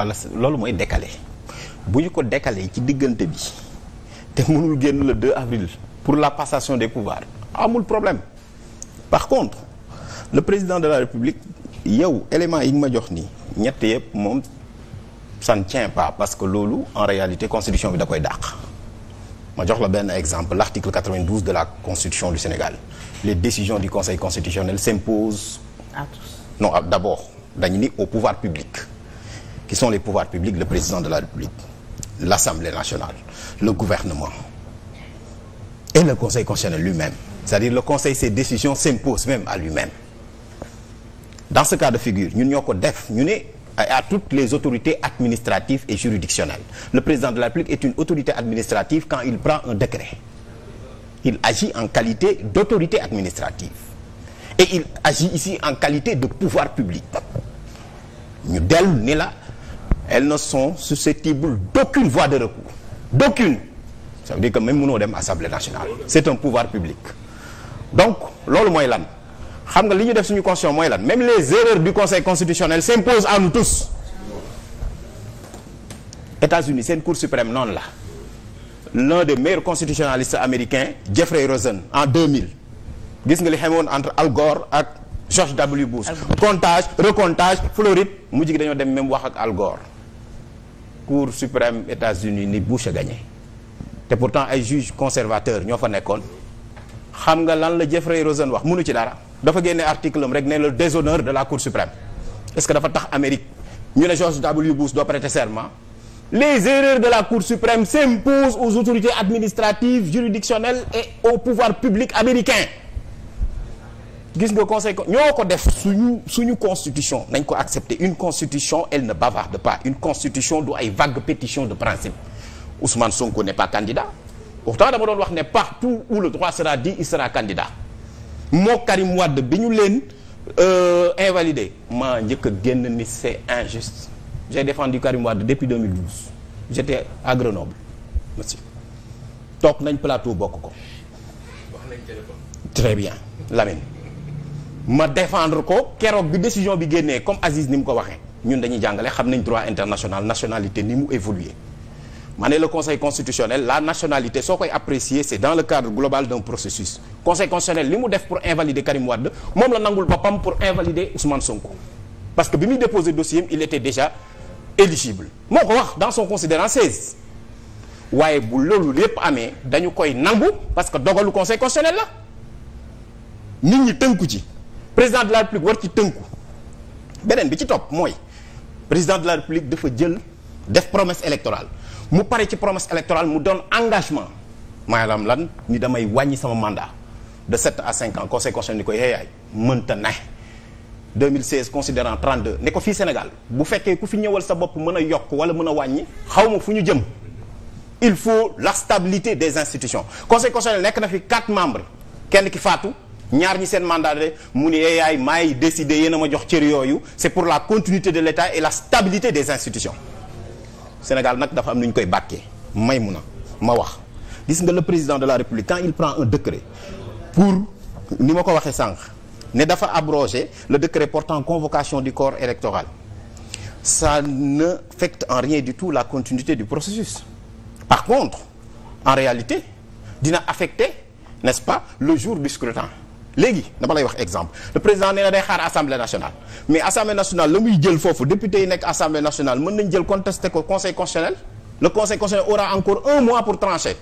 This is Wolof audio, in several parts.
wala loolu mooy décalé bu ñu ko décalé ci diggante bi te mënul génn le 2 avril pour la passation des pouvoirs amul problème par contre le président de la république yow élément yi nga ma jox nii ñett yëpp moom ça ne tient pas parce que loolu en réalité constitution bi da koy dàq ma jox la benn exemple l'article 92 de la constitution du Sénégal les décisions du conseil constitutionnel s'imposent à tous non d'abord dañu ni au pouvoir publique qui sont les pouvoirs publics le président de la République l'Assemblée nationale le gouvernement et le Conseil constitutionnel lui-même c'est-à-dire le Conseil ses décisions s'imposent même à lui-même dans ce cas de figure ñun ñoo ko def ñu ne à toutes les autorités administratives et juridictionnelles le président de la République est une autorité administrative quand il prend un décret il agit en qualité d'autorité administrative et il agit ici en qualité de pouvoir public ñu elles ne sont susceptibles d'aucune voie de recours d'aucune ça veut dire que même mënoo dem assemblée nationale c'est un pouvoir public donc loolu mooy lan xam nga li ñu def suñu constitution mooy lan même les erreurs du conseil constitutionnel s'imposent à nous tous États-Unis seen cour suprême noonu la l'un des meilleurs constitutionnalistes américains Jeffrey Rosen en 2000 gis nga li xemoon entre Al Gore ak George W. Bush comptage recomptage Floride mujj gi dañoo dem même wax ak Al Gore cour suprême États-Unis ni Bush a gagné te pourtant ay juges conservateurs ñoo fa nekkoon xam nga lan la Jeffrey Rosen wax mënu ci dara dafa génne article am rek ne le déshonneur de la cour suprême est-ce que dafa tax Amérique ñu ne George W. Bush doit prêter serment les erreurs de la cour suprême s'imposent aux autorités administratives juridictionnelles et au pouvoir public américain gis nga conseil ñoo ko def suñu suñu constitution nañ ko accepter une constitution elle ne bavarde pas une constitution du ay vague pétition de principe Ousmane Sonko n'est pas candidat pourtant dama doon wax ne partout où le droit sera dit il sera candidat moo Karim Wade bi ñu leen euh, invalidé maa njëkk a génn ni c'est injuste j'ai défendu Karim Wade depuis 2012 j'étais à Grenoble toog nañ plateau bokk ko. très bien Lamine. ma défendre ko keroog bi décision bi génnee comme Aziz ni mu ko waxee ñun dañuy jàngale xam nañ droit international nationalité ni mu évoluer ma ne le conseil constitutionnel la nationalité soo koy apprécier c'est dans le cadre global d'un processus conseil constitutionnel li mu def pour invalider Karim Wade moom la nangul boppam pour invalider Ousmane Sonko parce que bi muy déposé dossier il était déjà éligible moo ko wax dans son considérant 16 waaye bu loolu lépp amee dañu koy nangu parce que dogalu conseil constitutionnel la nit ñi ci président de la république war ci tënku beneen bi ci topp mooy président de la république dafa jël def promesse électorale mu pare ci promesse électorale mu doon engagement maanaam lan ni damay wàññi sama mandat de set à 5 ans conseil constitutionnel ni ko yeeyaay eh, mënta ne 2016 considérant 32 ne ko fii Sénégal bu fekkee ku fi ñëwal sa bopp mën a yokk wala mën a wàññi xaw ma fu ñu jëm il faut la stabilité des institutions conseil constitutionnel nekk na fi 4 membres kenn ki faatu ñaar ñi seen mandat de mu ne eh, yaay maay décider yéen a ma jox cër yooyu c'est pour la continuité de l'État et la stabilité des institutions Sénégal nag dafa am nu ñu koy bàkkee may mun a ma wax gis nga le président de la République quand il prend un décret pour ni ma ko waxee sànq ne dafa abroger le décret portant convocation du corps électoral sa ne affecte en rien du tout la continuité du processus par contre en réalité dina affecter n'est-ce pas le jour du scrutin léegi dama lay wax exemple le président nee na day xaar assemblée nationale mais assemblée nationale la muy jël foofu député yi nekk assemblée nationale mën nañ jël contesté ko conseil constitutionnel le conseil constitutionnel aura encore un mois pour trancher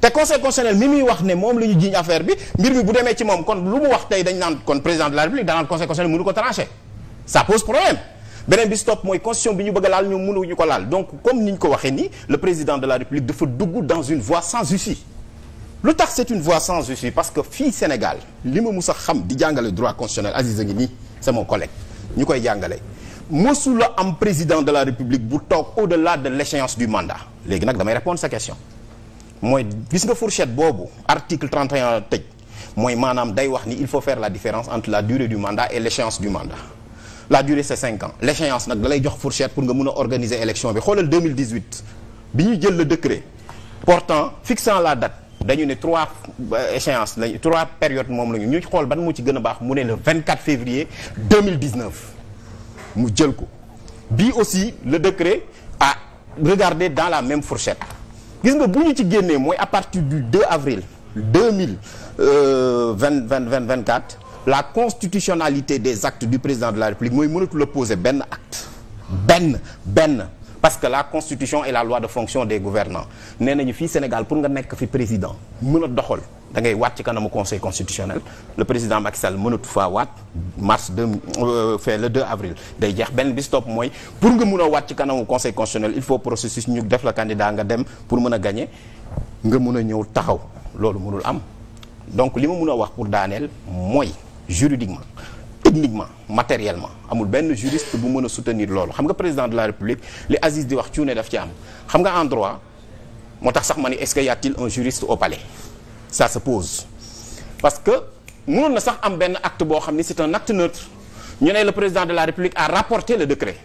te conseil constitutionnel mi muy wax ne moom la ñu jiñ affaire bi mbir mi bu demee ci moom kon lu mu wax tey dañ naan kon président de la république danaan conseil constitutionnel mënu ko trancher ça a laal ñu mënuñu waxee nii le président lu tax c'est une voie sans issue parce que fii Sénégal li ma mus a xam di jàngale droit constitutionnel Aziz a ngi nii c'est mon collègue ñu koy jàngale mosula am président de la République bu toog au-delà de l'échéance du mandat léegi nag damay répondre sa question mooy gis nga fourchette boobu article 31 tëj mooy maanaam day wax ni il faut faire la différence entre la durée du mandat et l'échéance du mandat la durée c'est 5 ans l'échéance nag da lay jox fourchette pour nga mun a organiser élection bi xoolal 2018 bi ñuy jël le la date dañu ne trois euh, échéances lañu trois périodes moom la ñu ñu xool ban moo ci gën a baax mu ne le 24 février 2019 mu jël ko bii aussi le décret a regarder dans la même fourchette gis nga bu ñu ci génnee mooy à partir du 2 avril 2020 2024 euh, la constitutionnalité des actes du président de la République mooy mënatul a poser benn acte benn benn parce que la constitution et la loi de fonction des gouvernants nee nañu fii Sénégal pour nga nekk fi président mën a doxal da ngay waat ci kanamu conseil constitutionnel le président Macky Sall mënatu faa waat mars deux euh, fait le 2 avril day jeex benn bis topp mooy pour nga mun a waat ci kanamu conseil constitutionnel il faut processus ñu def la candidat nga dem pour mën a gagner nga mun a ñëw taxaw loolu mënul am donc li ma mun a wax pour daaneel mooy juridiquement techniquement matériellement amul benn juriste bu mën a soutenir loolu xam nga président de la république li Aziz di wax cuune daf ci am xam nga en moo tax sax ma ni est-ce que un juriste au palais ça se pose parce que mënoon na sax am benn acte boo xam ni c'est un acte neutre ñu ne la président de la république à rapporter le décret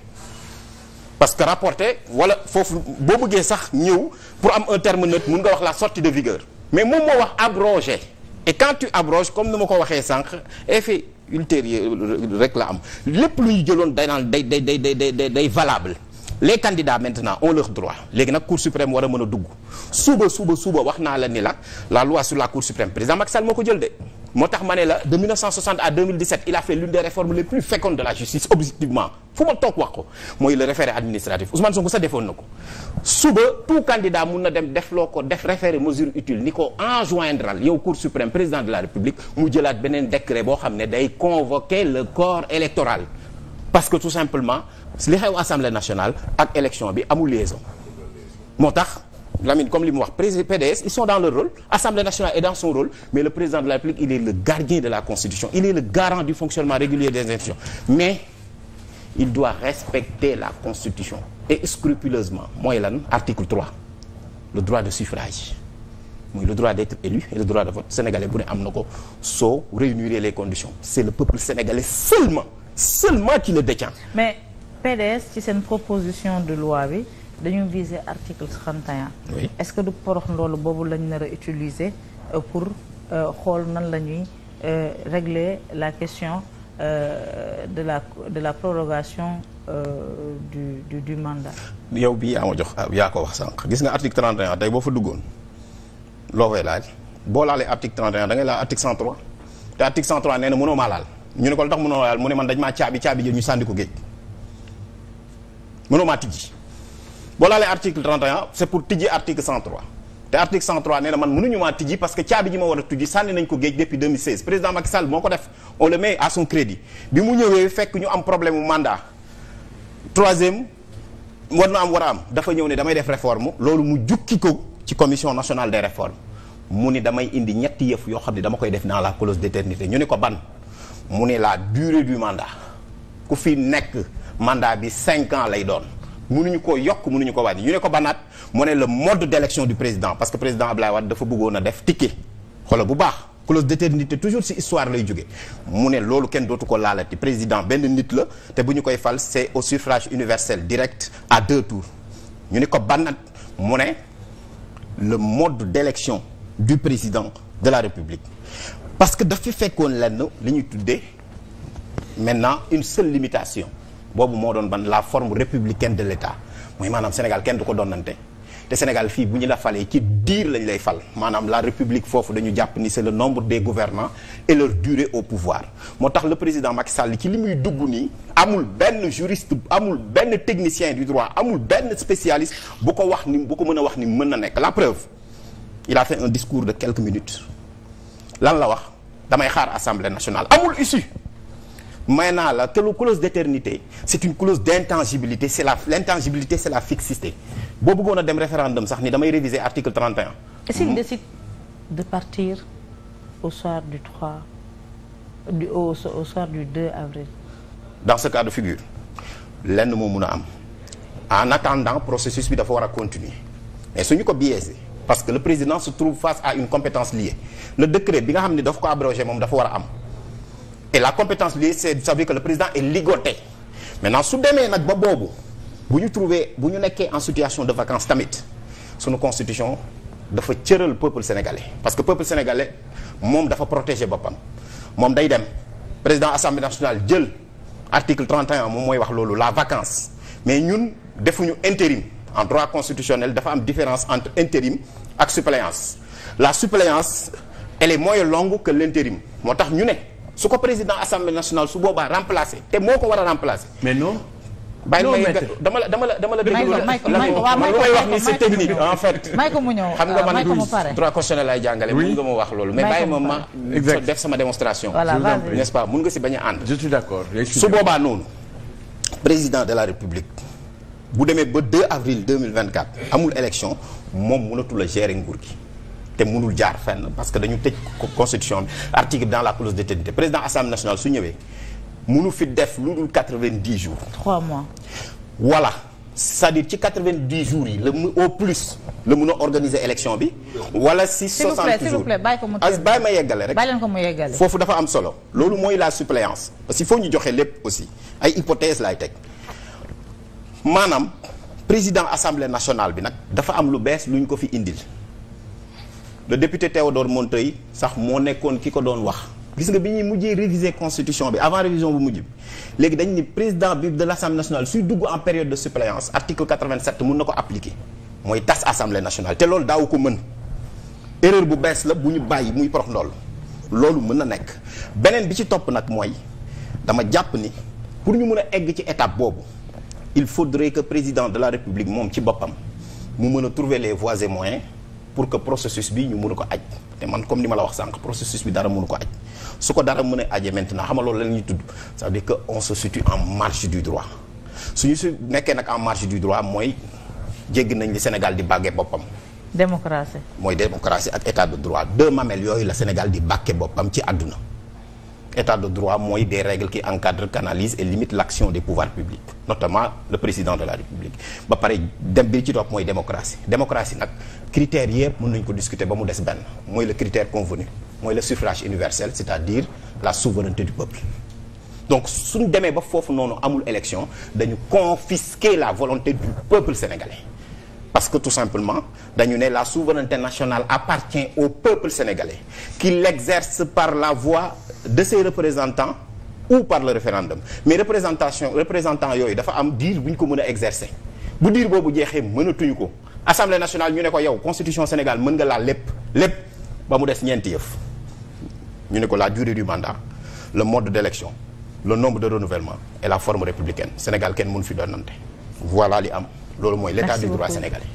parce que rapporté wala foofu boo bëggee sax ñëw pour am un terme neutre mun nga wax la sortie de vigueur mais moom moo wax abrogé et quand tu comme ni ma ko waxee sànq effet ultérieure rek la am lépp lu ñu jëloon day naan day day day day day valable les candidats maintenant ont leur droit léegi nag cour suprême war a mën a dugg suba suba suba wax naa la ni la loi sur la cour suprême président Macky moo ko jël de moo tax ma à il a fait l'une des réformes les plus fécondes de la justice objectivement fu ma toog wax ko mooy le référé administratif Ousmane Sonko sa defoon na ko suba tout candidat mun na dem def loo ko def référé mesure utile ni ko enjoindral yow cour suprême président de la république mu ne day convoquer le corps électoral li xew assemblée nationale ak élection bi amul liaison moo tax Lamine comme li mu wax PDS ils sont dans leur rôle assemblée nationale est dans son rôle mais le président de la République il est le gardien de la constitution il est le garant du fonctionnement régulier des institutions mais il doit respecter la constitution et scrupuleusement mooy lan article le droit de suffrage muy le droit d'être élu et le droit de vote sénégalais am na ko soo réunir les conditions c'est le peuple sénégalais seulement seulement qui le PDS ci seen proposition de loi bi dañu viser article 31. est-ce que du porox ndoolu boobu lañ nar utiliser euh, pour euh, xool nan la ñuy euh, régler la question de la de la prorogation du du du mandat. yow bii yaa ma jox yaa ko wax sànq gis nga article 31 tey boo fa duggoon loo koy laaj boo laalee article 31 da laal article 103 te article 103 nee mënoo maa laal ñu ne ko la tax mënoo laal mu ne man dañ maa caabi caabi jël ñu sànni ko géej. mënumaa tijji boo laalee article 31 c'est pour tijji article 103 te article 103 nee na man mënuñu maa tijji parce que caabi ji ma war a tijji sànni nañ ko géej depuis 2016 président Macky moo ko def on le met à crédit bi mu ñëwee fekk ñu am problème mu mandat troisième war na am war a am dafa ñëw ne damay def réforme loolu mu jukki ko ci commission nationale des réformes mu ni damay indi ñetti yëf yoo xam ne dama koy def dans la clause d'éternité ñu ni ko ban mu ni la durée du mandat ku nekk mandat bi cinq ans lay doon munuñu ko yokk mënuñu ko wàññi ñu ne ko banaat mu ne le mode d'élection du président parce que président Abdoulaye Wade dafa bëggoon a def ticket xoolal bu baax clause d'éternité toujours ci histoire lay jóge mu ne loolu kenn dootu ko laalati président benn nit la te bu ñu koy fal c'est au suffrage universel direct à deux tours ñu ne ko banaat mu ne le mode d'élection du président de la République parce que daf fi fekkoon lenn li ñuy tuddee maintenant une seule limitation boobu moo doon ban la forme républicaine de l'État mooy maanaam Sénégal kenn du ko donnante te Sénégal fii bu ñu la falee ci diir lañ lay fal maanaam la république foofu dañu jàpp ni c'est le nombre des gouvernants et leur durée au pouvoir moo tax la président Macky Sall ci li muy dugg nii amul benn juriste amul benn technicien du droit amul benn spécialiste bu ko wax ni bu ko mën a wax ni mën na nekk la preuve il a fait un discours de quelques minutes lan la wax damay xaar assemblée nationale amul issue may naa la te lu clause d'éternité c'est une clause d'intangibilité c'est la l'intangibilité c'est la fixité boo bëggoon a dem référendum sax ni damay réviser article 31. est-ce qu'il hmm? décide de partir au soir du 3 au, au soir du 2 avril. dans ce cas de figure lenn moo mun a am en attendant processus bi dafa war a continuer mais suñu ko biaisé parce que le président se trouve face à une compétence liée le décret bi nga xam ne daf ko abrogé moom dafa war a am. et la compétence lii c'est ça veut dire que le président est ligoté maintenant su demee nag ba boobu bu ñu trouver bu ñu nekkee en situation de vacances tamit sunu constitution dafa cëral peuple sénégalais parce que peuple sénégalais moom dafa protéger boppam moom day dem président assemblée nationale jël article 31 moom mooy wax loolu la vacance mais ñun defuñu intérim en droit constitutionnel dafa am différence entre intérim ak suppléance la suppléance elle est moins longue su ko président assemblée nationale su boobaa remplacer te moo ko war a remplacer. mais non. bàyyi may la dama la dama la déglu la man may en fait. may ko mu ñëw xam nga man droit constitutionnel lay jàngale. mun nga ma wax loolu. mais bàyyi ma ma def sama démonstration. voilà n'est-ce pas mun nga si bañ a su boobaa noonu. président de la république bu demee ba 2 avril 2024 amul élection moom mënatul a gérer nguur gi. te mënul jaar fenn parce que dañu tëj constitution bi article dans la clause d'éternité président assemblée nationale su ñëwee mënu fi def lu dul quatre-vingt-dix jours. mois. voilà cest ci quatre-vingt-dix yi la mu au plus la mun a organiser élection bi. wala si soixante jours s'il vous ko mu bàyyi ma yeggale rek. bàyyi leen foofu dafa am solo loolu mooy la suppléance parce que il faut ñu joxe lépp aussi ay hypothèses laay teg maanaam président assemblée nationale bi nag dafa am lu bees lu ñu ko fi indil. le député Théodore Monteil sax moo nekkoon ki ko doon wax gis nga bi ñuy mujjee réviser constitution bi avant révision bu mujj bi léegi dañ ni président bi de l'Assemblée nationale suy dugg en période de suppléance article 87 mun na ko appliquer mooy tas Assemblée nationale te loolu daaw ko mën erreur bu bees la bu ñu bàyyi muy porox ndool loolu mën na nekk beneen bi ci topp nag mooy dama jàpp ni pour ñu mun a egg ci étape boobu il faudrait que président de la république moom ci boppam mu mën a trouver les voies et pour que processus bi ñu mënu ko aj te man comme ni ma la wax sànq processus bi dara mënu ko aj su ko dara mën a ajee maintenant xam nga loolu la ñuy tudd c'est-à-dire que on se situe en marge du droit suñu su nekkee nag en marge du droit mooy jéggi nañ li Sénégal di bàggee boppam. démocratie. mooy démocratie ak état du droit deux mamelles yooyu la Sénégal di bàkkee boppam ci àdduna. état de droit mooy des règles qui encadrent canalisent et limitent l'action des pouvoirs publics notamment le président de la république ba pare dem bi ci topp mooy démocratie démocratie nag critères yëpp mën nañ ko discuter ba mu des benn mooy le critère convenu mooy le suffrage universel c'est-à-dire la souveraineté du peuple donc su suñ demee ba foofu noonu amul élection dañu confisquer la volonté du peuple sénégalais parce que tout simplement dañu ne la souveraineté nationale appartient au peuple sénégalais qui l'exerce par la voix de ses représentants ou par le référendum mais représentation représentant yooyu dafa am diir bu ko mën a exercer bu diir boobu jeexee mënatuñu ko assemblée nationale ñu ne ko yow constitution Sénégal mën nga laal lépp lépp ba mu des ñeenti yëf ñu ne ko la durée du mandat le mode d'élection le nombre de renouvellement et la forme républicaine Sénégal kenn mënu fi doonante voilà li am loolu mooy l'état du droit sénégalais